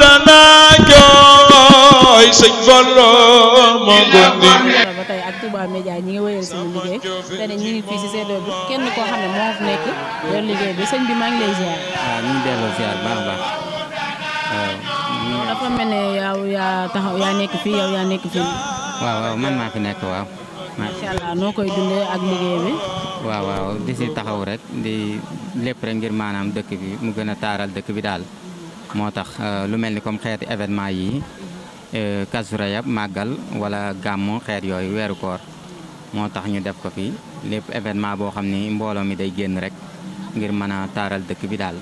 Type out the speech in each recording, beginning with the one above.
dana jooy sëñ Fallu moo gën ba tey ak Touba Média ñi ngi wéyal suñu liggéey tey nag ñu ngi fii si seedoo bi kenn koo xam ne moo fi nekk yor liggéey bi sëñ bi maa ngi lay waaw ah, ah, taxaw yaa nekk fii yow nekk fii. Ah, waaw waaw man maa fi nekk waaw. macha allah noo koy dundee ak liggéey bi. waaw waaw di si taxaw rek di lépp rek ngir maanaam dëkk bi mu gën a taaral dëkk bi daal. moo tax euh, lu mel ni comme xeeti événement yi euh, Kazu Rajab màggal wala gàmmu xeet yooyu weeru koor moo tax ñu def ko fi lépp événement boo xam ni mbooloo mi day génn rek ngir mën a taaral dëkk bi daal.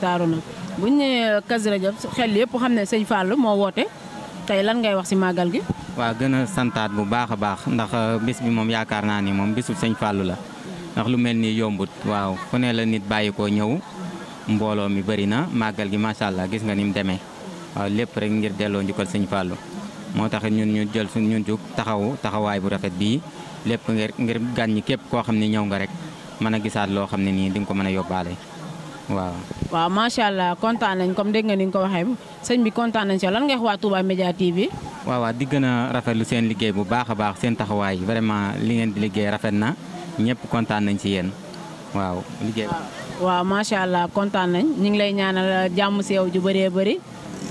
taaru na bu ñu nee euh, Kazu Rajab xel yëpp xam ne sëñ Fall moo woote tey lan ngay wax ci màggal gi. waa gën a santaat bu baax a baax ndax bis bi moom yaakaar naa ni moom bisul sëñ Fallou la ndax lu mel ni yombut waaw fu ne la nit bàyyi ko ñëw. mbolo mi bari na magal gi machallah gis nga nim demé demee waaw rek ngir delo ñukal sëñ fallu motax ñun ñu jël suñu ñun jug taxawu taxawaay bu rafet bi lepp ngir ngir gan ñi képp koo xam ne nga rek mëna a gisaat loo xam ne nii ko mëna yobale waaw. waaw macha nañ comme deg nga ni ko waxe señ bi kontaan nañ ci lan nga wax Touba media TV. waaw di gën rafet lu seen liggéey bu baaxa baax seen taxaway vraiment li ngeen di liggéey rafet na ñepp kontaan nañ ci yeen waaw liggéey waaw macha allah kontaan nañ ñu ngi lay ñaanal jàmm si ju bëree bëri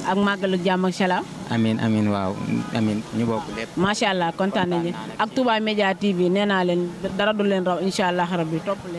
ak màggalu jàmm ak salaam. amiin amiin waaw amiin ñu bokk lépp. macha allah kontaan nañu ak Touba Média TV nee naa leen dara du leen raw incha allah rabbi topp leen.